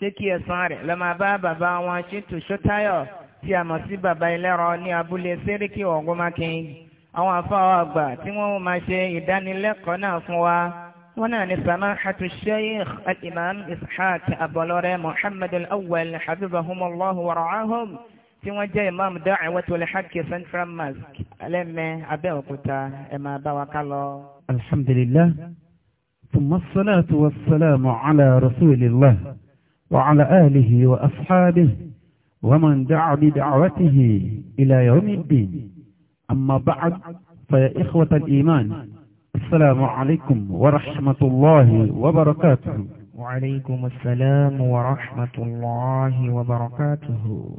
pé kí ẹ̀san rẹ̀ lọ máa bá bàbá wọn Chintu Ṣótáyọ̀ tí a mọ̀ sí bàbá ẹlẹ́rọ ní abúlé Séríkì Ògúnmákin àwọn afáwọ̀ àgbà tí wọ́n máa ṣe ìdánilẹ́kọ̀ọ́ náà fún wa wọ́n náà ní samahatu sheikh al-imam ishaq abọlọ́rẹ́ Muhammad al-awwal habibahumullahu wa tí wọ́n jẹ́ imam da'watul haqq central mosque alẹ́mẹ́ abẹ́òkúta ẹ̀ máa bá wa ká lọ. alhamdulillah thumma salatu wa salamu ala rasulillah. وعلى آله وأصحابه ومن دعا بدعوته إلى يوم الدين أما بعد فيا إخوة الإيمان السلام عليكم ورحمة الله وبركاته وعليكم السلام ورحمة الله وبركاته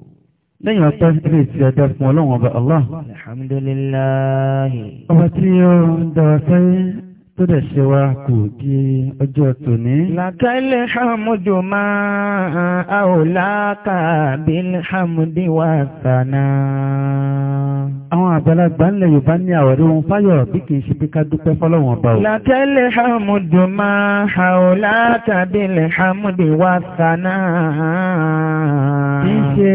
لن يتحدث ilé ti ẹ̀dá fún الله الحمد لله alhamdulillah ọba tó dẹ̀ ṣe wá kù di ọjọ́ tòní. Làkàlẹ̀ Hàmùdù máa a ò láàkà bí Hàmùdì wà sànà. Àwọn àgbàlagbà ńlẹ̀ Yorùbá ní àwọ̀rí wọn fáyọ̀ bí kìí ṣe bí ká dúpẹ́ fọ́lọ́wọ̀n ọba o. Làkàlẹ̀ Hàmùdù máa a ò láàkà Hàmùdì wà sànà. Kì ṣe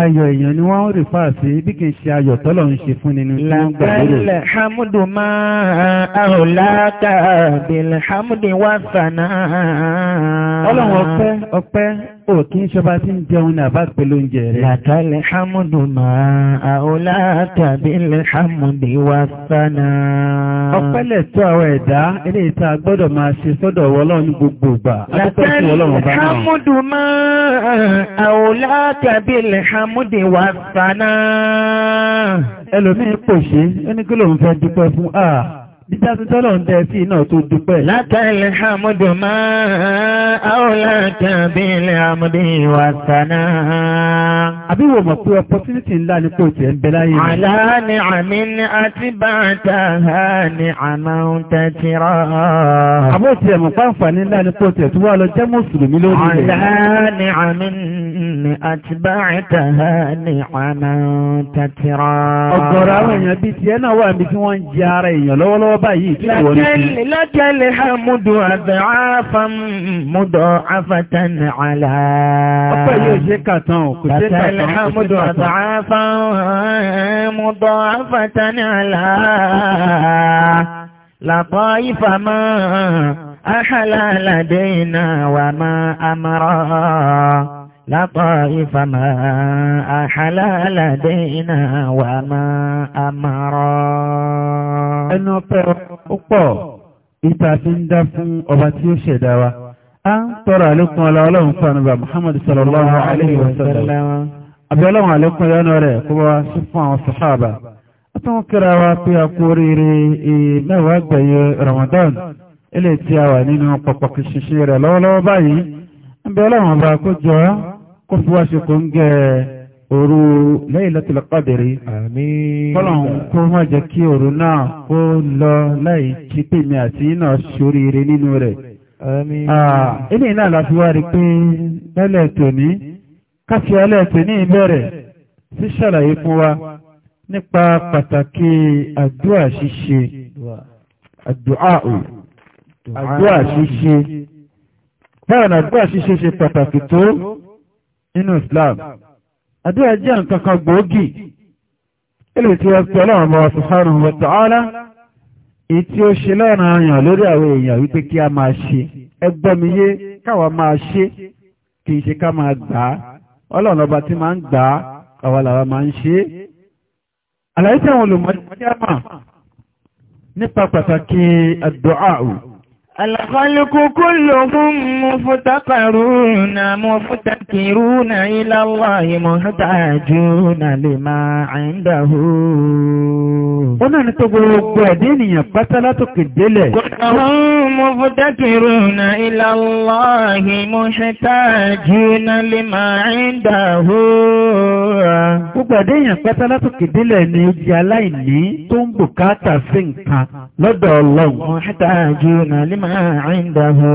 ayọ̀ èèyàn ni wọ́n rí fà sí bí kìí ṣe ayọ̀ tọ́lọ̀ ń ṣe fún nínú tí wọ́n gbàgbé rẹ̀. Hàmùdù máa a ò láàkà bilhamdi wa sana. ọlọ́run ọpẹ́ ọpẹ́ ò kí ń ṣọba tí ń jẹun ní àbá pẹ̀lú oúnjẹ rẹ̀. làkàlì hamdu máa àọ́lá bilhamdi wa sana. ọpẹ́ lẹ̀tọ́ àwọn ẹ̀dá ilé ìta gbọ́dọ̀ máa ṣe sọ́dọ̀ ọlọ́run ní gbogbo ìgbà. làkàlì hamdu máa àọ́lá bilhamdi wa sana. ẹlòmíín pòṣe ẹni kí ló ń Bíjá ń tẹ́ sí iná tó dúpẹ́. Látàílẹ̀ àmúdù máa áwọ̀lá tàbí ilẹ̀ àmúdì wà sánà. Àbí mọ̀ pé opportunity ńlá ní kò tẹ́ ń bẹ láyé. Àlá àmì ní àti bàtà ha ni àmà ń tẹ́tí rọ̀. Àbó tiẹ̀ mọ̀ ńlá ní kò tẹ̀ tó wà lọ jẹ́ mùsùlùmí lórí rẹ̀. Àlá àmì ní àti bàtà ha ni àmà ń tẹ́tí rọ̀. Ọ̀gọ̀rọ̀ bá yìí tí wọ́n rí. lọ́jẹ́lẹ̀ hàmúdù àbẹ̀áfà múdọ̀ afatan àlá. ọpẹ́ yóò ṣe kàtàn kò ṣe kàtàn kò ṣe kàtàn. múdọ̀ afatan àlá. làbọ̀ ìfàmọ́ àhàlà làdẹ́yìn náà wà máa لطائف ما أحلى لدينا وما أمرا ẹnu ọpẹ́ ọpọ̀ ìta fi ń dá fún ọba tí ó ṣẹ̀dá wa a ń tọrọ àlékún ọlá ọlọ́run fún ànúbà Muhammad sallallahu alaihi wasallam àbí ọlọ́run àlékún ẹ̀yọ́nà rẹ̀ kó bá sí fún àwọn sàhábà àtàwọn kíra wa pé a kú oríire mẹ́wàá gbẹ̀yẹ Ramadan ilé tí a wà nínú pọ̀pọ̀kì ṣiṣẹ́ rẹ̀ lọ́wọ́lọ́wọ́ báyìí ń bẹ ọlọ́run ọba kó jọ kó fi wá ṣe kó ń gẹ́ òru Laylatul Qadri kọ́lọ̀n kó má jẹ́ kí òru náà kó lọ láì kí pèmí àti iná ṣoríire nínú rẹ̀ ilé náà láti wá rí pé lẹ́lẹ̀ tòní káfí alẹ́ tòní ìbẹ̀rẹ̀ sí ṣàlàyé fún wa nípa pàtàkì àdúà ṣíṣe àdúà ò àdúà ṣíṣe báwọn ṣíṣe ṣe pàtàkì tó nínú Islam àdúrà jẹ́ nǹkan kan gbòógì ilé tí wọ́n pẹ̀lú ọmọ subhanahu wa ta'ala èyí tí ó ṣe lọ́nà àyàn lórí àwọn èèyàn wípé kí a máa ṣe ẹgbọ́miyé káwa máa ṣe kì í ṣe ká máa gbà á ọlọ́run ọba tí máa ń gbà á àwa máa ń ṣe é àlàyé tí àwọn olùmọ̀ọ́dé nípa pàtàkì àdúà الخلق كلهم مفتقرون مفتكرون إلى الله محتاجون لما عنده ó náà ni tó gbogbo ẹ̀dí ènìyàn pátá látòkè délẹ̀. Kọ̀ọ̀hún مفتكرون إلى الله محتاجون لما عنده. Gbogbo ẹ̀dí ènìyàn pátá látòkè délẹ̀ ni ó aláìní tó ń bùkátà sí nǹkan lọ́dọ̀ ọlọ́run. mọ̀tàjì náà lè máa ń dàbọ̀.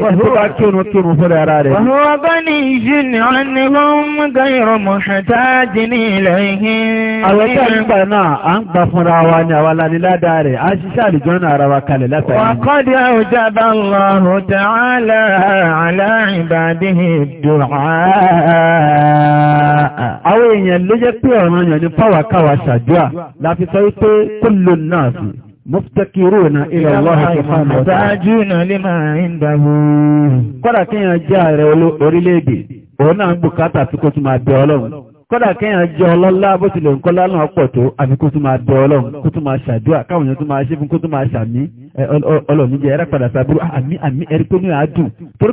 tó bá kírun kírun fúnra ara rẹ̀. wọ́n bá ní ìṣú ni wọ́n ní wọ́n mú gáyọ̀rọ̀ mọ̀ṣẹ̀tá jì ní ilẹ̀ ìhìn. àwọn tí a èèyàn ló jẹ́ pé ọ̀ràn yẹn ni fáwàkáwà ṣàdúrà láfi sọ wípé kó náà sí mọ́fítẹ́kìrúnà ilẹ̀ ọlọ́rin sọ̀fánà ọ̀tá. Àtàjúnà lè máa ń dàbò. Kọ́dà kíyàn jẹ́ ààrẹ orílẹ̀-èdè, òun náà ń bùkátà tí kó tún máa bẹ ọlọ́run. Kọ́dà kíyàn jẹ́ ọlọ́lá bó tilẹ̀ ńkọ́ lánàá pọ̀ tó, àfi kó tún máa bẹ ọlọ́run, kó tún máa ṣàdúrà, káwọn èèyàn tún máa ṣe fún kó tún máa ṣàmí. Ọlọ́run jẹ́ ẹ̀rẹ́ padà sábúrú, ah, àmì àmì ẹ̀rí pé ní àádùn.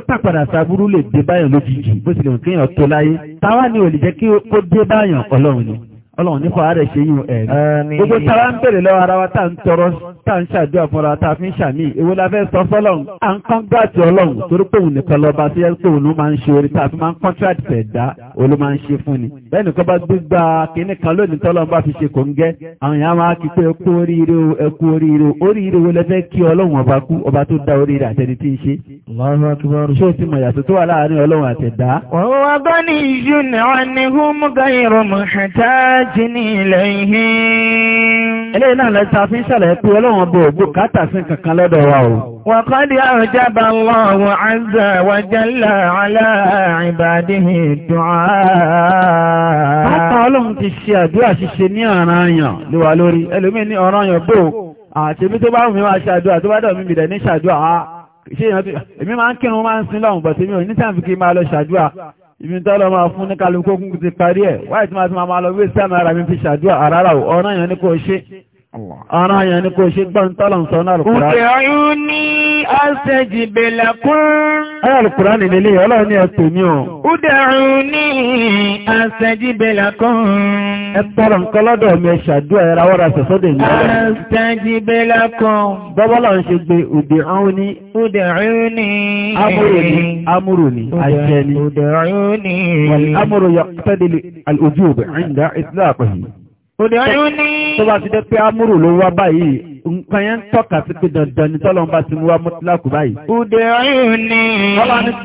pàpàdà sábúrú lè dé báyàn lójijì, bó tilẹ̀ kíyàn tó láyé. Táwa ni ò lè jẹ́ kí ó dé báyàn ọlọ́run ni ọlọ́run nípa ààrẹ ṣe yíò ẹ̀rí gbogbo tara ń bèrè lọ́wọ́ ara wa tá ń tọrọ tá ń ṣàdúrà fúnra tá a fi ń ṣàmì èwo la fẹ́ sọ fọ́lọ́run à ń kán gbàtì ọlọ́run torí pé òun nìkan lọ́ba tó yẹ pé òun máa ń ṣe orí tá a fi máa ń kọ́ńtíráàtì ẹ̀dá olú máa ń ṣe fún ni lẹ́nu kọ́ bá gbígbà kínní kan lónìí tọ́lọ́ bá fi ṣe kò ń gẹ́ àwọn èèyàn máa kí pé ẹkú oríire o ẹkú oríire o oríire wo lẹ́fẹ́ kí ọlọ́run ọba kú ọba tó dá oríire àtẹni tí ń ṣe. ṣé o ti mọ̀ yàtọ̀ tó wà láàárín ọlọ́run àtẹ̀dá. ọwọ́ bá ní ìṣúná wọn ni húmúgáyìrò mọ̀ṣẹ̀tá jí ní ilẹ̀ ihe eléyìí náà lẹ́ta fi ń ṣàlẹ̀ pé ọlọ́run ọbẹ̀ ògbò kátà sí kankan lọ́dọ̀ wa o. wàkọ́dí àrùjábà lọ́wọ́ azza wa jalla ala ibadihi du'a. pátá ọlọ́run ti ṣe àdúrà ṣíṣe ní ọ̀ranyàn ló wà lórí ẹlòmíì ní ọ̀ranyàn bò àtẹ̀mí tó bá wù mí máa ṣàdúrà tó bá dọ̀ mí bìdẹ̀ ní ṣàdúrà ibi tọ́lọ máa fún ní kálukú kún ti parí ẹ̀ wáyé tí máa ti máa lọ wé sí àmì ara mi fi ṣàdúrà àrárá ọ̀rọ̀ yẹn ní kò ṣe Ara yẹn ni kò ṣe gbọ́n tọ́lọ̀ ń sọ náà lùkúrá. Òṣèrú ní àṣẹjìbẹ̀lẹ̀ kún. Ayà lùkúrá nì lélé ọlọ́run ní ẹ̀tò ní ọ̀. Òdẹ̀rú ní àṣẹjìbẹ̀lẹ̀ kún. Ẹ tọrọ nǹkan lọ́dọ̀ mi ṣàdúrà ẹra wọ́ra sọ̀sọ́dẹ̀ ní ọ̀rọ̀. Àṣẹjìbẹ̀lẹ̀ ní. Òdẹ̀rú ní. Amúrò ní. Amúrò ní. Àṣẹ ní. Òdẹ̀rú ní. Amúrò yọ Òdè ọdún ní. Tó bá ti dé pé Amúrù ló wá báyìí, nǹkan yẹn ń tọ́ka sí pé dandan ní tọ́lọ́n ti mú wá mọ́tíláàkù báyìí. Udè ọ̀hún ni.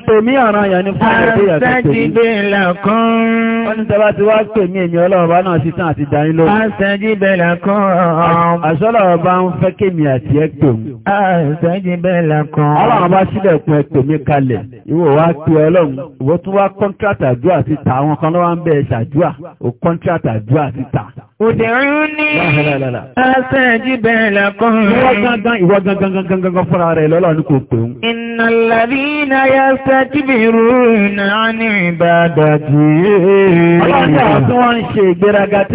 tèmi àrán yẹn ni fún ìrẹ̀lẹ́ yẹn tó tèmi. Àṣàjìbè làkún. Wọ́n ní sábà ti wá tèmi èmi ọlọ́run bá náà ṣiṣẹ́ àti dáyín lóhùn. Àṣàjìbè làkún. Àṣọ́lọ́run bá ń fẹ́ kémi àti ẹ kún. Ìwọ gangan ìwọ gangan gangan gangan fúnra rẹ̀ lọ́lọ́ ní kò pè ń. Iná làbí iná yá sẹ́kìbì rúnà ní ìbàdà jì. Ọlọ́dẹ àwọn tí wọ́n ń ṣe ìgbéraga tí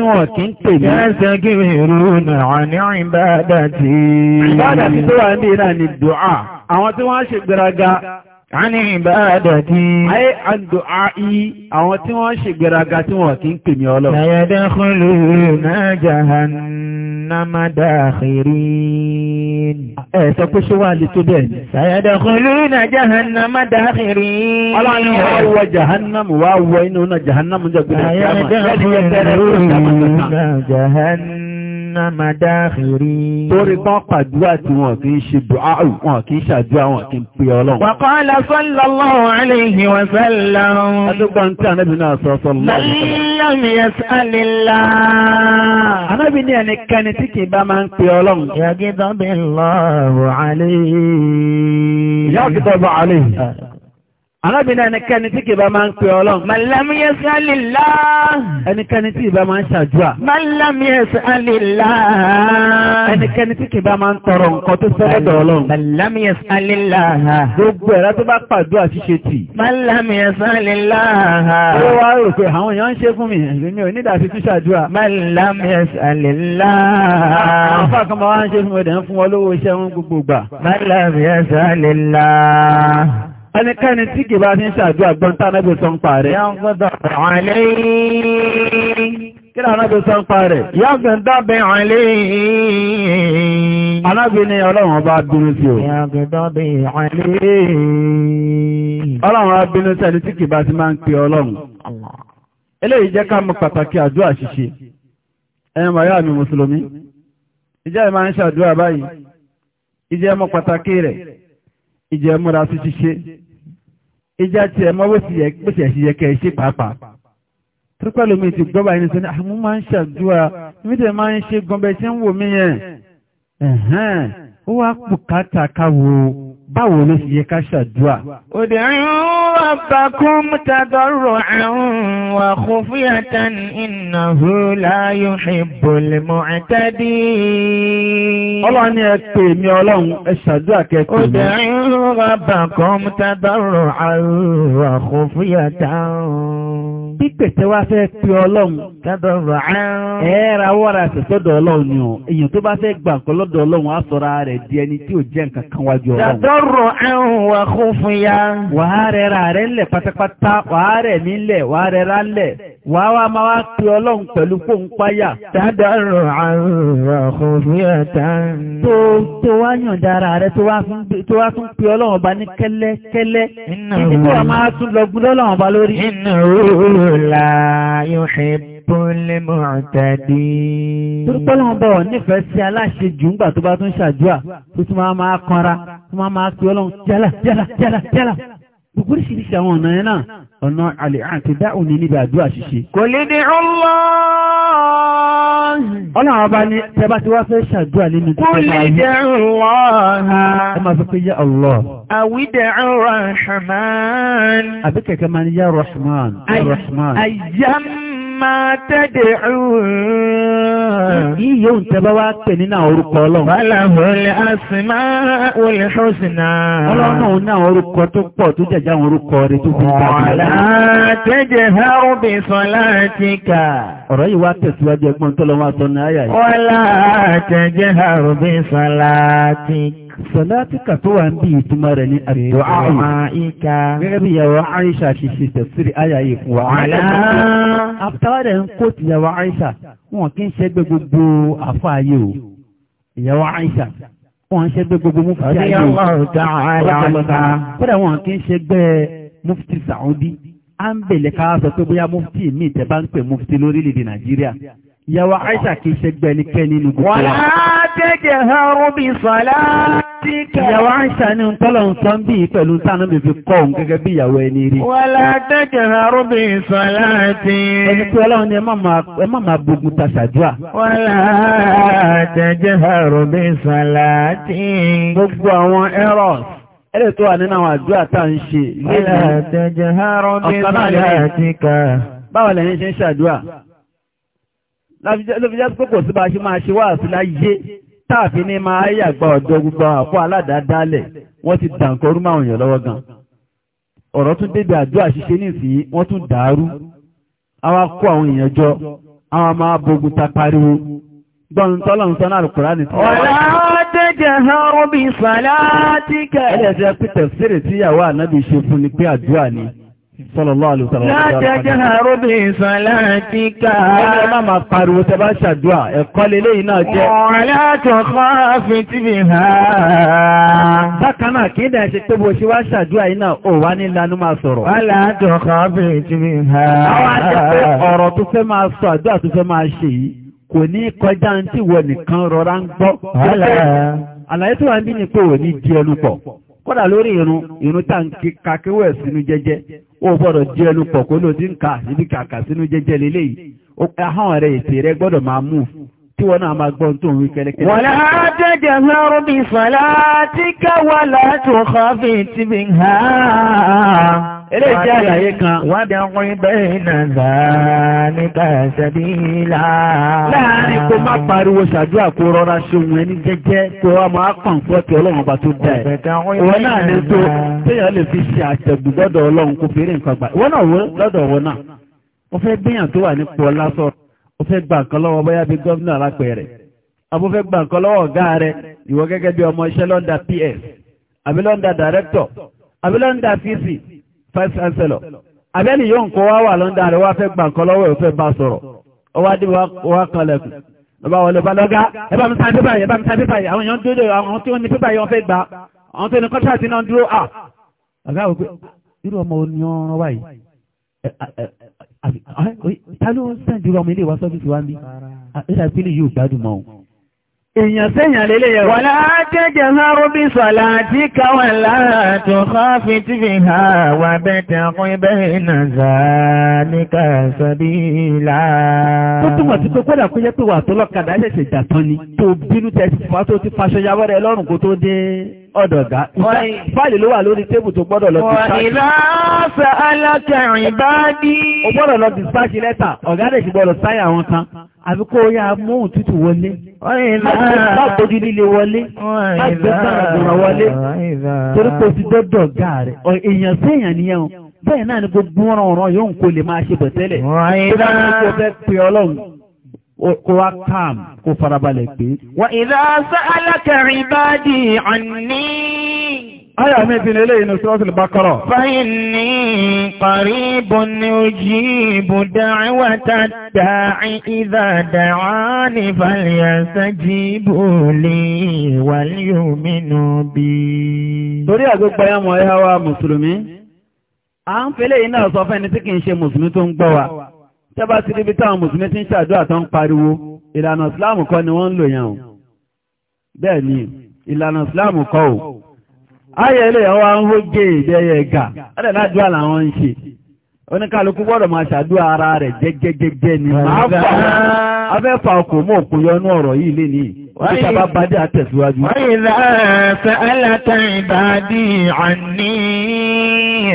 a ní ìbáradàdí. ayé àdò àì àwọn tí wọ́n ṣe gbéraga tí wọ́n kí ń pè mí ọlọ́. ṣayẹ́dẹ́ kọlu náà jahannama dakhirin. ẹ sọ pé ṣé wàá lè tó bẹ́ẹ̀ ni. ṣayẹ́dẹ́ kọlu náà jahannama dakhirin. ọlọ́run wá wọ jahannamu náà iná máa dáàfìrí. Torí kan pàdúrà tí wọn kì í ṣe dùá wọn kì í ṣàdúrà wọn kì í pe ọlọ́run. Wa qala sallallahu alayhi wa sallam. Adúgbò ń tí ànábì náà ń pe ọlọ́run. Yàgídọ́ bí lọ́rùn àlè. Yàgídọ́ Arábìnrin ẹnikẹ́ni tí kì bá máa ń pè ọlọ́run. Màlámi ẹsẹ̀ àlìlá. Ẹnikẹ́ni tí ìbá máa ń ṣàdúrà. Màlámi ẹsẹ̀ àlìlá. Ẹnikẹ́ni tí kì bá máa ń tọrọ nǹkan tó sẹ́lẹ̀dọ̀ ọlọ́run. Màlámi ẹsẹ̀ àlìlá. Gbogbo ẹ̀rá tó bá pàdúrà ṣíṣe tì. Màlámi ẹsẹ̀ àlìlá. Ó wá rò pé àwọn èèyàn ń ṣe ń ṣe fún mi, ẹnikẹ́ni tí kì bá ní ṣàdú àgbọ́ntá anábì sọ ń pa rẹ̀. kí ni anábì sọ ń pa rẹ̀? yàgùndọ́bẹ̀ ọ̀lẹ́ anábì ni ọlọ́run bá bínú sí o. yàgùndọ́bẹ̀ ọ̀lẹ́ ọlọ́run bá bínú sí ẹni tí kì bá ti máa ń pe ọlọ́run. eléyìí jẹ́ ká mọ̀ pàtàkì àdúrà ṣíṣe ẹ̀yin ìjẹ́ ìmọ̀ ń ṣàdúrà báyìí ìjẹ́ mọ̀ pàtàkì rẹ̀ ìjẹ́ múra sí ṣíṣe ìjà tí ẹ mọ́wọ́ sí pèsè ẹ̀ṣì yẹ kẹ́ ẹ ṣe pàápàá trípẹ́lú mi ti gbọ́bà ẹni sọ ní àmú ah, máa ń ṣàdúrà níbi tẹ̀ máa ń ṣe gọbẹ̀ tí ń wò mí yẹn ó wá pùkátà káwo báwo ló sì yẹ ká ṣàdúrà. òdìrín ó ربكم تضرعا وخفية إنه لا يحب المعتدين Ọlọ́run ni ẹ pè mí Ọlọ́run ẹ ṣàdúrà kẹtù ربكم تضرعا وخفية bí pẹ̀tẹ́ wá fẹ́ pe ọlọ́run kádọ̀rọ̀ ẹ̀ẹ́ra wọ́ra àtẹ̀sọ́dọ̀ ọlọ́run ni ọ̀ èyàn tó bá fẹ́ gbà nǹkan lọ́dọ̀ ọlọ́run á sọra rẹ̀ di ẹni tí ò jẹ́ nǹkan kan wájú ọlọ́run. kádọ̀rọ̀ ẹ̀hún wà kún fún ya. wàá rẹ̀ ra rẹ̀ ńlẹ̀ pátápátá wàá rẹ̀ mí wà wá máa wá pè ọlọ́run pẹ̀lú fóun páyà. Tádàrọ̀ àrùn ọ̀kùn sí ẹ̀ta. Tó tó wá yàn dára rẹ̀ tó wá tún pè ọlọ́run ọba ní kẹ́lẹ́kẹ́lẹ́. Ìdí tó wà máa tún lọ́gbọ́n lọ́lọ́run ọba lórí. Iná òòrùn la yóò ṣe bólé mọ̀tàdí. Tọ́lọ́wọ́n bọ̀ nífẹ̀ẹ́ sí aláṣẹ jù ńgbà tó bá tún ṣàdúrà tó tún máa máa kanra tó máa máa pè ọlọ́run jálà jálà jálà jálà gbogbo oríṣiríṣi àwọn ọ̀nà ẹ̀ náà ọ̀nà àlè àti dáhùn ní níbi àdúrà ṣíṣe. kò lè dé ọlọ́ ọlọ́run ọba ní tẹba tí wá fẹ́ ṣàdúrà nínú tí wọ́n máa yí ẹ máa Ma tẹ́dẹ̀ Èyí yóò ń tẹ́bá wá pè nínú àwọn orúkọ ọlọ́run. Fàlàhùlẹ̀ àsìmá olè ṣọ́sìnà. Ọlọ́run náà ní àwọn orúkọ tó pọ̀ tó jẹ̀já àwọn orúkọ rẹ̀ tó fi ń bá Sọ̀látìkà tó wà ń bí ìtumọ̀ rẹ̀ ní àdúrà ìka. Gẹ́gẹ́ bí ìyàwó Aisha ṣe ṣe tẹ̀sírí àyà yìí fún wa. Àfitawádẹ̀ ń kó ti ìyàwó Aisha, wọn kí ń ṣẹ́gbẹ́ gbogbo àfáàyè o. Ìyàwó Aisha, wọn ń ṣẹ́gbẹ́ gbogbo mufti ayé o. Kódà wọn kí Saudi. À ń ká sọ pé bóyá mufti mi tẹ̀ bá ń pè mufti lórílẹ̀-èdè Nàìjíríà. Ìyàwó Aisha kì í ẹnikẹ́ni nínú Wọ́n á tẹ́jẹ̀ hàn rúbì sọ́lá. Ìyàwó àìṣà ní ń tọ́lọ̀ ń sọ ń bí pẹ̀lú tánà bèbè kọ́ òun gẹ́gẹ́ bí ìyàwó ẹni rí. Wọ́n látẹ́kẹ̀ àrúbì sọ́láàtì. Ẹni tí ọlọ́run ni ẹ má máa gbógun ta ṣàdúrà. Wọ́n látẹ́kẹ̀ àrúbì sọ́láàtì. Gbogbo tó wà nínú àwọn ṣe. Wọ́n ṣe ń ṣàdúrà? Lọ́fíjẹ́ táàfin ní máa yàgbà ọ̀dọ́ gbogbo àpọ̀ aládàádálẹ̀ wọ́n ti dàǹkọrú máa òyìn lọ́wọ́ gan ọ̀rọ̀ tún débi àjọ àṣìṣe nísìnyí wọ́n tún dàárú àwa kó àwọn èèyàn jọ àwa máa bogun ta pariwo gbọ́n tọ́lọ̀ ń sọ́nà àlùkùrá ni pé àdúrà ni. Sallallahu alaihi wasallam. Láti ẹjẹ́ àrùbí ìsànláàtíkà. Ẹ má máa pariwo tẹ bá ṣàdúrà, ẹ̀kọ́ lélé yìí náà jẹ́. Ọ̀rẹ́tọ̀ kan fi tí mi ha. Bákan náà kí dẹ̀ ṣe pé bó ṣe wá ṣàdúrà yìí náà, ò wá ní lanú máa sọ̀rọ̀. Ọ̀rẹ́tọ̀ kan fi tí mi ha. ọ̀rọ̀ tó fẹ́ máa sọ àdúrà tó fẹ́ máa ṣe yìí, kò ní kọjá tí wọ nìkan rọra ń gbọ́. Àlàyé tó wà ń bí ni pé di ẹnu pọ̀ kódà lórí irun irun tá ń kakíwẹ̀ sínú jẹ́jẹ́ ó gbọ́dọ̀ jẹ́ ẹnu pọ̀ kó ló ti ń kà ibi kàkà sínú jẹ́jẹ́ lélẹ́yìí ó pẹ́ ahọ́n rẹ̀ ètè rẹ̀ gbọ́dọ̀ máa mú tí wọ́n náà máa gbọ́n tó ń wí kẹ́lẹ́kẹ́lẹ́. wọ́n á tẹ́jẹ̀ lọ́rùn bí sọ́lá tí káwọ́ látò kọ́fí tí mi ń ha. Eléyìí àlàyé kan. Wà bí ọkùn ibẹ̀ ìnàzà ní kàṣẹ̀bí láàrin kó má pariwo àkó rọra ṣohun ẹni kó a máa kàn fún ọlọ́run ọba tó náà ní tó fi ṣe àtẹ̀gùn lọ́dọ̀ ọlọ́run kó fèrè nǹkan gbà. náà lọ́dọ̀ wọn náà. Ó fẹ́ gbìyàn tó wà nípò ọlá Ó fẹ́ gbà nǹkan lọ́wọ́ bóyá bí gómìnà gbà nǹkan lọ́wọ́ ọmọ vice chancellor abẹ́ni yóò ń kọ́ wá wà London rẹ̀ wá fẹ́ gbà nǹkan lọ́wọ́ ẹ̀ fẹ́ bá sọ̀rọ̀ ó wá dé wá kanlẹ̀kùn lọ́ba wọlé bá lọ́gá ẹ bá mi sign paper yìí ẹ bá mi sign paper yìí àwọn èèyàn dúró àwọn tí wọ́n ní paper yìí wọ́n fẹ́ gbà àwọn tó ní contract náà dúró à ah! ọ̀gá òkú irú ọmọ oní ọ̀rọ̀ wà yìí ta ló ń sẹ́ǹdì ọmọ ilé ìwà sọ́fíìsì wa ń bí ah, ẹ̀dà ìpínlẹ̀ yóò gbádùn mọ́ èèyàn sẹ́yàn lélẹ̀ yẹ̀wò. Wọ́n látẹ́jẹ̀ lọ́rú bí sọ̀lá tí káwà látò kọ́fí tí fi ha wà bẹ́tẹ̀ fún ibẹ̀ ìnàzà ní kàṣàbí ìlà. Tó túnmọ̀ sí pé kódà kó jẹ́ ọ̀dọ̀gá. Fáìlì ló wà lórí tébù tó gbọ́dọ̀ lọ dispatch. Wàhílá fẹ́ alákẹ̀rin bá dí. Ó gbọ́dọ̀ lọ dispatch lẹ́tà, ọ̀gá rẹ̀ sì gbọ́dọ̀ sáyà wọn kan. Àbí kó yá móhùn tútù wọlé. Má gbójú líle wọlé. Má gbé sára gbòrò wọlé. Torí kò sí dọ́dọ̀ ọ̀gá rẹ̀. Èèyàn sí èèyàn nìyẹn o. Bẹ́ẹ̀ náà ni gbogbo ọ̀ràn ọ̀ràn yóò ń kó lè máa ṣe bẹ̀tẹ́lẹ̀. Wàhílá. Ó bá ní kó fẹ́ pe ọlọ́run kó wá kàm kó farabalẹ̀ pé. Wà ìdá sa'alaka ìbádì àní. Ayà mi ti nílé inú Suratul Baqara. Fa'inni qaribun ujibu da'wata da'i idha da'ani falyastajibu li wal yu'minu bi. Torí àgbégbà ẹmọ ẹ̀háwà Mùsùlùmí, à tẹ́bá ti ríbi táwọn mùsùlùmí ti ń tó ń pariwo ìlànà ìsìláàmù kọ ni wọ́n ń lò o bẹ́ẹ̀ ni ìlànà ìsìláàmù kọ. o ayẹ ilé ọwọ́ ń hó gé ìdẹ́yẹ ẹ̀gà làwọn ń ara rẹ̀ jẹ́gẹ́gẹ́gẹ́ ni máa fà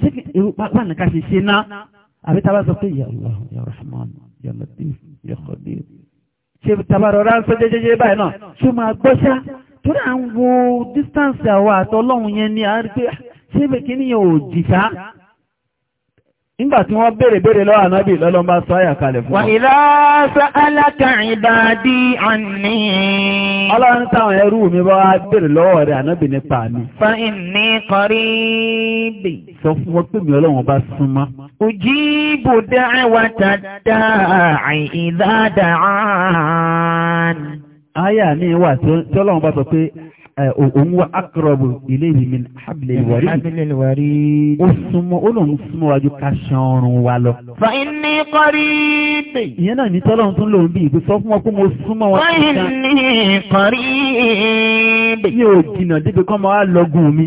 ṣé irú pápá nìkan ṣe ṣe ná àbí tá sọ pé ya Allah ya Rahman ya Latif ya Khadir ṣe tabarọ̀rá ń sọ jẹ́jẹ́jẹ́ báyìí náà ṣe máa gbọ́ṣá tó dà ń wo distance àwọn àtọ́lọ́hun yẹn ni a rí pé ṣé bẹ́ẹ̀ kí nìyẹn ò jìṣá nígbà tí wọ́n béèrè béèrè lọ́wọ́ ànábì lọ́lọ́ bá sọ àyà kalẹ̀ fún wa. ìlà sa'alaka ibadi anni. ọlọ́run táwọn ẹrú mi bá béèrè lọ́wọ́ rẹ̀ ànábì nípa mi. fa inni qarib sọ fún wọn pé mi ọlọ́run bá súnmọ́. Ojí bò dáa wà dáadáa àìdáadáa. Aya mi wà tí ọlọ́run bá sọ pé òun wá akọrọ̀bù ilé ìhìnmi hablil warid. Ó súnmọ́ ó lòun súnmọ́ wájú ká ṣan ọrùn wa lọ. Fa inni qarib. Ìyẹn náà ní tọ́lọ́run tún lòun bí ìgbé fún wọn pé mo súnmọ́ wọn. Fa inni qarib. Mi ò jìnnà débi kọ́ máa lọ́gùn mi.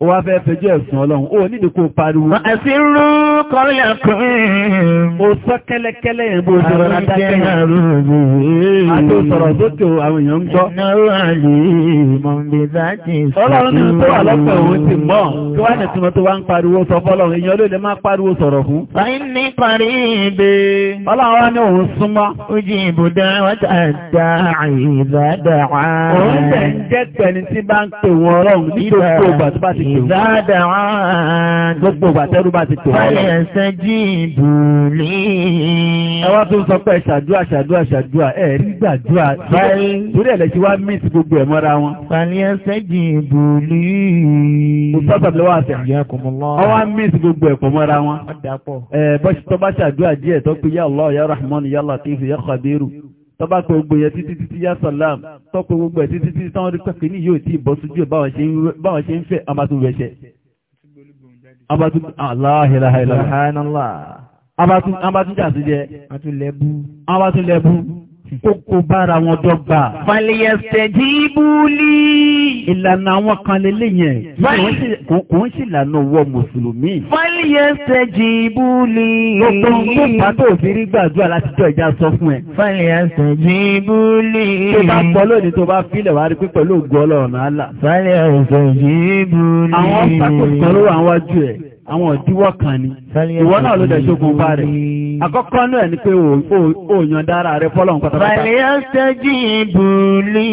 ó wá fẹ́ fẹjọ́ ẹ̀sùn ọlọ́run ó nídìí kó pariwo. àti rú kọ́lẹ̀ kùn. ó sọ kẹ́lẹ́kẹ́lẹ́ yẹn bó ṣe rọra dákẹ́ yẹn. àti ó sọ̀rọ̀ sókè àwọn èèyàn ń gbọ́. náwó àlè mọ̀nbẹ́dájì sọ̀rọ̀. ọlọ́run ní tó wà lọ́pọ̀ òun ti mọ̀ kí wàá nìtí mo tó wá ń pariwo sọ ló lè má pariwo sọ̀rọ̀ ọlọ́run ní ìzádà án. Gbogbo ìgbàtẹ́rù bá ti tò wọ́n lọ. Fáyẹ̀nsẹ́ jí ìbùlé. Ẹ wá tún sọ pé ṣàdúrà ṣàdúrà ṣàdúrà ẹ̀ rí gbàdúrà. Torí ẹ̀lẹ́ ti wá mít gbogbo ẹ̀ mọ́ra wọn. Fáyẹ̀nsẹ́ jí ìbùlé. Mo sábà lọ́wọ́ àtẹ̀. Ọ wá mít gbogbo ẹ̀ pọ̀ mọ́ra wọn. Ẹ bọ́ṣ tọ́ba pé gbogbo yẹn títí títí yá sàlám tọ́pẹ́ gbogbo ẹ̀ títí títí táwọn rí pẹ́kẹ́ ní yóò tí ì bọ́ sójú ẹ̀ báwọn ṣe ń fẹ́ amatúwẹ̀ṣẹ̀. abatúnjà sí jẹ́ abatúnlẹ́bú kókó bára wọn dọ́gba. Fàlìyẹ̀sẹ̀ jíbúlì. Ìlànà àwọn kan lélẹ̀ yẹn. Kò ń sì lànà wọ Mùsùlùmí. Fàlìyẹ̀sẹ̀ jíbúlì. Gbogbo tó bá tó fi rí gbàdúrà láti jọ ìjà sọ fún ẹ. Fàlìyẹ̀sẹ̀ jíbúlì. Tó bá gbọ́ lónìí tó bá filẹ̀ wá rí pé pẹ̀lú ògùn ọlọ́run àlà. Fàlìyẹ̀sẹ̀ jíbúlì. Àwọn pàtó kan ló wà wájú ẹ̀ àwọn òdíwọ́ kan ni ìwọ náà ló dẹ̀ ṣogun bá rẹ̀ àkọ́kọ́ náà ni pé òòyàn dára rẹ̀ fọ́lọ̀n pátápátá. bàlẹ́ ṣẹ́jì ìbùlí.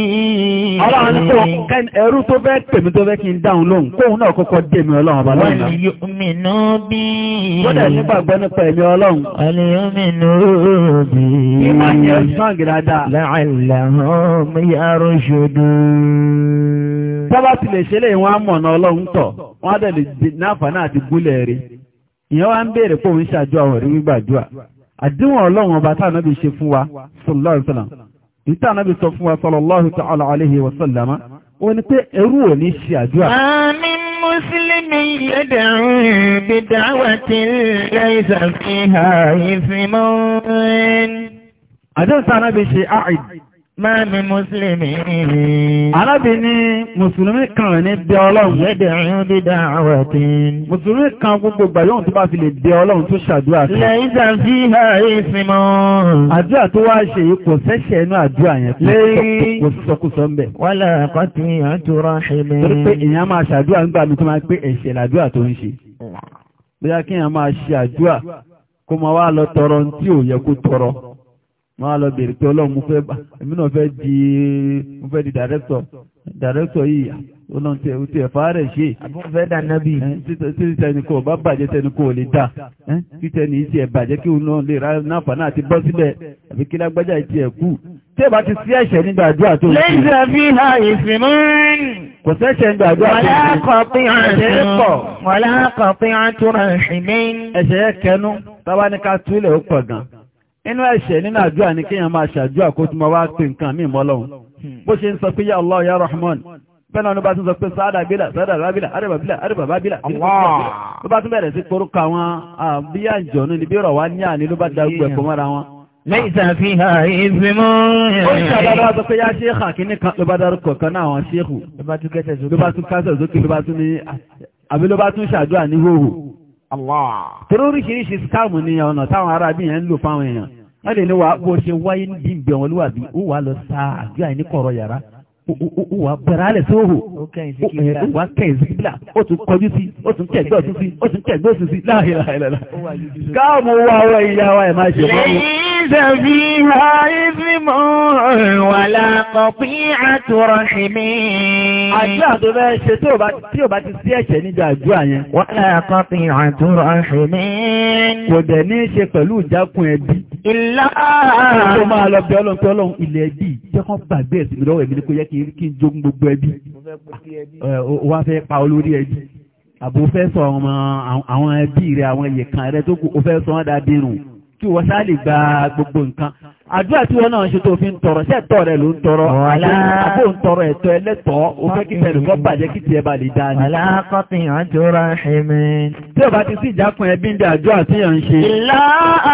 ọlọ́run ní kò ẹrú tó fẹ́ tèmi tó fẹ́ kí n dáhùn lóhùn kóhun náà kọ́kọ́ dé mi ọlọ́run bá lọ́nà. wọ́n yóò mìnú bí. gbọ́dọ̀ nígbàgbọ́ nípa ẹ̀mí ọlọ́run. wọ́n yóò mìnú bí. ìmọ̀ ni ẹ̀sán gírada. láàlá wọ́n á dẹ̀lẹ̀ náfàánà àti gúnlẹ̀ rí ìyẹn wá ń béèrè pé ṣàjọ àwọn òrí gbígbàdúrà àdéhùn ọlọ́run ọba táwọn náà ṣe fún wa sallallahu alaihi wasallam ìta sọ fún wa sallallahu ta'ala alaihi wa sallama ó ní pé ẹrú ò ní ṣe àdúrà. àmín mùsùlùmí yẹ́dẹ̀rú bídáwà tí láìsàfihàn ìfìmọ́ àdéhùn táwọn náà ṣe áìdì Máa mi Mùsùlùmí. Arábì ni Mùsùlùmí kan ní bí ọlọ́run. Yẹ́dẹ̀rin bí dáwà tí. Mùsùlùmí kan gbogbo gbàlóhùn tó bá fi lè bí ọlọ́run tó ṣàdúrà kan. Lẹ́yìnzà fi hà ìsinmọ́. Àdúrà tó wá ṣe yìí kò sẹ́ṣẹ̀ inú àdúrà yẹn. Lẹ́yìn. Kò sí sọkúsọ ń bẹ̀. Wálá àkọ́tì àtúrà ṣẹlẹ̀. kó máa wá lọ tọrọ tí ò yẹ kó tọrọ wọ́n á lọ bèèrè pé ọlọ́run mo fẹ́ bá èmi náà fẹ́ di mo fẹ́ di director director yìí ọlọ́run tẹ o tẹ fà rẹ̀ ṣe. àbí wọ́n fẹ́ dà nábì. títí tẹni kò bá bàjẹ́ tẹni kò lè dà kí tẹni yìí tiẹ̀ bàjẹ́ kí òun náà lè ra náfààní àti bọ́ síbẹ̀ àbí kí lágbájá yìí tiẹ̀ kú. tí ẹ bá ti sí ẹ̀ṣẹ̀ nígbà àdúrà tó ń ṣe. lẹ́yìn àfi ha ìsìnmú. kò sẹ́ṣẹ̀ nígbà àdúrà tó ń ṣe. wàlá kọ̀pín àtúrọ̀ wàlá kọ̀pín inú ẹ̀ṣẹ̀ nínú àdúrà ní kíyàn máa ṣàdúrà kó tún ma wá pè nǹkan mí mọ́lọ́hun bó ṣe ń sọ pé yá Allah ya Rahman bẹ́ẹ̀ náà ló bá tún sọ pé sáàdà bílà sáàdà rábílà àdàbàbílà àdàbàbílà ló bá tún bẹ̀rẹ̀ sí korúkọ àwọn àbíyà ìjọ̀nù ní bí ọ̀rọ̀ wá ní àní ló bá darúgbẹ̀ kó mọ́ra wọn. lẹ́yìn fi ha ìfẹ́ mọ́ torí oríṣiríṣi skáàmù ni ọ̀nà táwọn ará bí yẹn ń lò fáwọn èèyàn wọ́n lè ní wa bó ṣe wáyé ní bíbí ọ̀wọ́n ó wà lọ sáà àgbé àìní kọ̀rọ̀ yàrá ó wà bẹ̀rẹ̀ alẹ̀ sóhò ó wà kẹ́yìn ó tún kọjú sí ó tún òtún sí ó tún òtún sí láàyè láàyè káàmù ọ̀rọ̀ ìyá فيها إثم ولا قطيعة رحم àdúrà tó bẹ́ ṣe tí ò bá ti sí ẹ̀ṣẹ̀ níbi àdúrà yẹn. ولا قطيعة رحم kò dẹ̀ ní ṣe pẹ̀lú ìjákun ẹbí. ìlà tó máa lọ bẹ ọlọ́run tó ọlọ́run ilẹ̀ ẹbí jẹ́ kán gbàgbé ẹ̀sìn mi lọ́wọ́ ẹ̀mí ni kò yẹ kí n jogún gbogbo ẹbí. wọ́n fẹ́ pa olórí ẹbí àbò fẹ́ sọ àwọn ẹbí rẹ̀ àwọn ẹ̀yẹ̀kan rẹ̀ tó kù fẹ́ sọ wọ́n dá dínrùn kí wọ́n sáà lè gba gbogbo nǹkan àdúrà tí wọ́n náà ń ṣe tó fi ń tọrọ ṣe ẹ̀tọ́ rẹ̀ ló ń tọrọ àbó ń tọrọ ẹ̀tọ́ ẹlẹ́tọ̀ọ́ o fẹ́ kí tẹ̀lé kọ́ bàjẹ́ kí tiẹ̀ bá lè dáa ni. alákọ̀tì àjọra ẹ̀mí. tí o bá ti sí ìjákun ẹbí ń bẹ àdúrà tí yàn ń ṣe. ìlà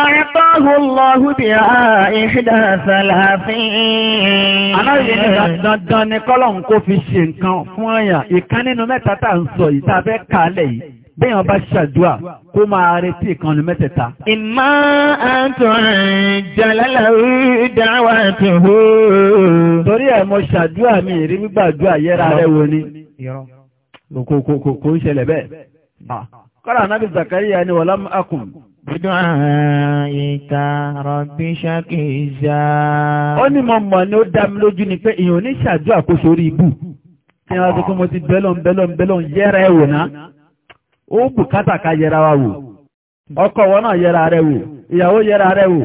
àìbáhù lọ́hù bí a ìṣẹ̀dá sàlàfin. aláìyé ni dandan ni kọ́lọ́hún bẹ́yàn bá ṣàdúà kó máa retí ìkànnì mẹ́tẹ̀ta. ìmá àtọ̀rìn jàlálàú dáwà tó hó. torí ẹ̀ mo ṣàdúà mi rí gbígbàdúà yẹ́ra rẹ̀ wo ni. kò ń ṣẹlẹ̀ bẹ́ẹ̀. kọ́ra nábì Zakariya ni wọ́lá akùn. Bídọ́ àyíká rọ̀bí ṣàkíyà. Ó ní mo mọ̀ ni ó dá mi lójú ni pé èèyàn ní ṣàdúà kó sórí ibù. Kí ni wọ́n ti kó mo ti bẹ́lọ̀ bẹ́lọ̀ bẹ́lọ̀ yẹ́ra ẹ̀wò náà. ó bùkátà ká yẹra wa wò ọkọ wọn náà yẹra rẹ wò ìyàwó yẹra rẹ wò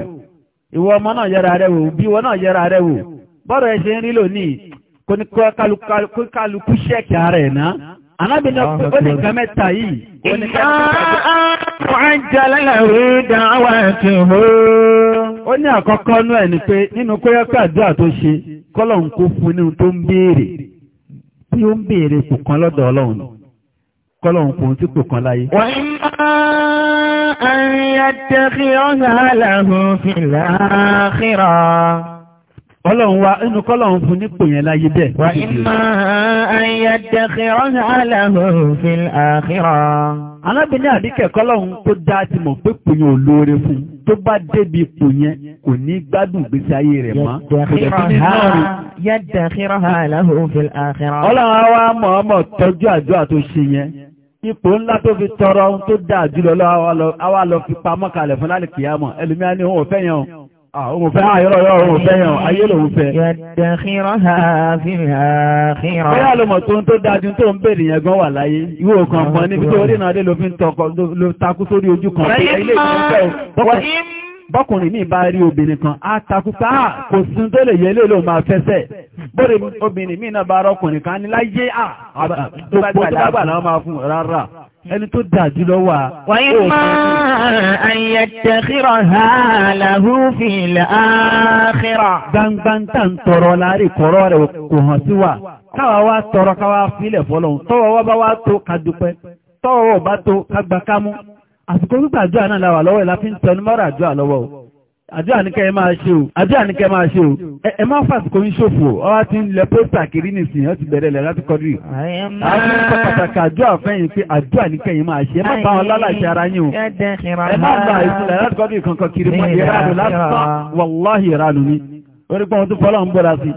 ìwọ ọmọ náà yẹra rẹ wò bí wọn náà yẹra rẹ wò bọ́rọ̀ ẹ ń rí lónìí kò ní kálukú ṣẹ́ẹ̀kì ara ẹ̀ náà anábìnrin ó ní nǹkan mẹ́ta yìí ó ó ní àkọ́kọ́ nú ẹ̀ ni pé nínú tó ṣe kọ́lọ̀ ń kó fún tó ń béèrè tí ó ń béèrè kan lọ́dọ̀ ọlọ́run kọ́lọ̀hún kò tí kò kan láyé. wọ́n Ọlọ́run wa inú kọ́lọ̀run fún nípò yẹn láyé bẹ́ẹ̀. Wà ìmá ayàdẹ̀kẹ̀rọ̀ aláhùn fil àkírọ̀. Alábìnrin àdíkẹ̀ kọ́lọ̀run tó dá ti mọ̀ pé pòyàn olóore fún tó bá débi ipò yẹn kò ní gbádùn gbèsè ayé rẹ̀ mọ́. Yàdẹ̀kẹ̀rọ̀ aláhùn fil àkírọ̀. Ọlọ́run wa mọ̀ ọmọ tọ́jú àdúrà tó ṣe yẹn ipò ńlá tó fi tọrọ ohun tó dáa jùlọ àwa lọ fi pamọ́ kalẹ̀ fún lálẹ́ kìyàmọ̀ ẹlòmíà ní òun ò fẹ́ yẹn òun fẹ́ àyọ́rọ̀ yọ òun fẹ́ yẹn ayé lòun fẹ́. bóyá lọmọ tó ń tó dájú tó ń béèrè yẹn gan wà láyé ìwé kan kan níbi tó rí náà dé ló fi ń tọkọ ló takú sórí ojú kan pé ilé ìfẹ́ bọ́kùnrin ní ìbá rí obìnrin kan á takú sáà ah, kò sí tó lè yẹ lé lòun máa fẹ́sẹ̀ bóre obìnrin mí náà bá rọkùnrin kan ní láyé à tó bá gbà náà máa fún rárá ẹni tó dà jù lọ wà. wàyí máa ayẹ tẹ̀kírọ̀ ha làhúfì láàkírọ̀. gbangban tá ń tọrọ láàrin kọ̀rọ̀ rẹ̀ kò hàn sí wa káwa wá tọrọ káwa filẹ̀ fọlọ́hún tọ́wọ́ wá bá wá tó ká dúpẹ́ tọ́wọ́ bá tó ká gba kámú àsìkò gbígbàdúrà náà làwà lọ́wọ́ ìlà fi ń tẹnumọ́ra àdúrà lọ́wọ́ àdúrà ní kẹ́ máa ṣe o àdúrà ní kẹ́ máa ṣe o ẹ máa fàsìkò ń ṣòfò ọwá ń lẹ pósítà kiri nìsín ọ ti bẹ̀rẹ̀ lẹ̀ láti kọ́dírì. àwọn ọmọ pàtàkì àdúrà fẹ́yìn pé àdúrà ní kẹ́ máa ṣe ẹ má bá wọn ara yín o ẹ má gba láti kiri mọ́ wàláhì ni fọlọ́ ń bọ̀ra sí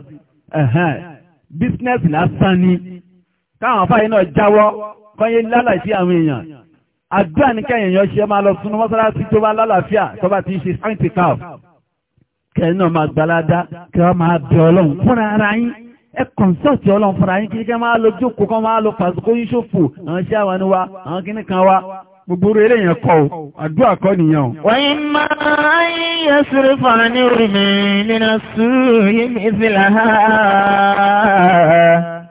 bísínẹ́sì lásán ni káwọn àdúrà ní kẹyìn yan ṣe máa lọ sunu mọ́sálásí tó bá lálàáfíà tó bá ti ṣe sáǹtì káà kẹyìn náà máa gbalada kí wọ́n máa bẹ ọlọ́run fúnra ara yín ẹ kọ̀ǹsọ̀tì ọlọ́run fúnra yín kí máa lọ jókòó kan máa lọ pàṣípò yín ṣòfò àwọn iṣẹ́ àwọn wa àwọn kíní kan wa gbogbo eré yẹn kọ́ ọ àdúrà kọ́ nìyẹn o. wọ́n máa ń yẹ sórí fani omi nínú sùúrù yìí mi fi là á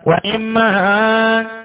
wọ́n máa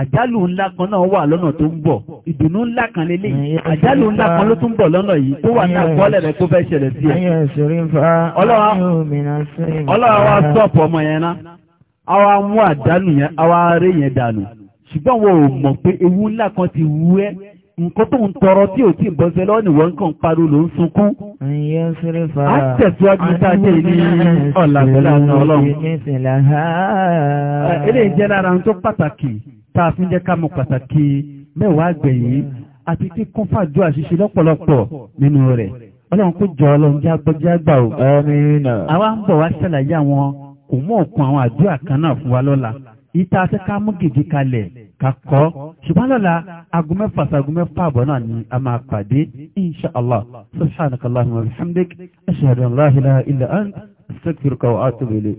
àjálù ńlá kan náà wà lọ́nà tó ń bọ̀ ìdùnnú ńlá kan lélẹ̀ àjálù ńlá kan ló tún bọ̀ lọ́nà yìí tó wà ní àkọọ́lẹ̀ rẹ̀ tó fẹ́ ṣẹlẹ̀ sí ẹ̀. ọlọ́wà wa stop ọmọ yẹn ná àwa mú àdánù yẹn àwa yẹn dànù ṣùgbọ́n wọn ò pé ewu ńlá kan ti wú ẹ́ nǹkan tó ń tọrọ tí ò tí ì bọ́sẹ̀ lọ́wọ́ ló ń sunkún. a tẹ̀síwájú ní ọ̀làgbẹ́lá tá a fi ń jẹ́ ká mọ pàtàkì mẹ́wàá àgbẹ̀yìn àti kíkún fàdúrà ṣíṣe lọ́pọ̀lọpọ̀ nínú rẹ̀ ọlọ́run kó jọ ọlọ́run jẹ́ agbọ́jẹ́ àgbà o. àwa ń bọ̀ wá ṣàlàyé àwọn kò mọ̀ òkun àwọn àdúrà kan náà fún wa lọ́la ìta àti ká mú gidi kalẹ̀ ká kọ́ ṣùgbọ́n lọ́la aago mẹ́fà sí aago mẹ́fà àbọ̀ náà ni a máa pàdé insha allah subhanakallahumma wa bihamdik ashhadu an la ilaha illa ant astaghfiruka wa atubu ilayk.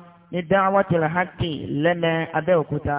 ní dáwàtìlá hákì lẹ́mẹ́ abẹ́òkúta.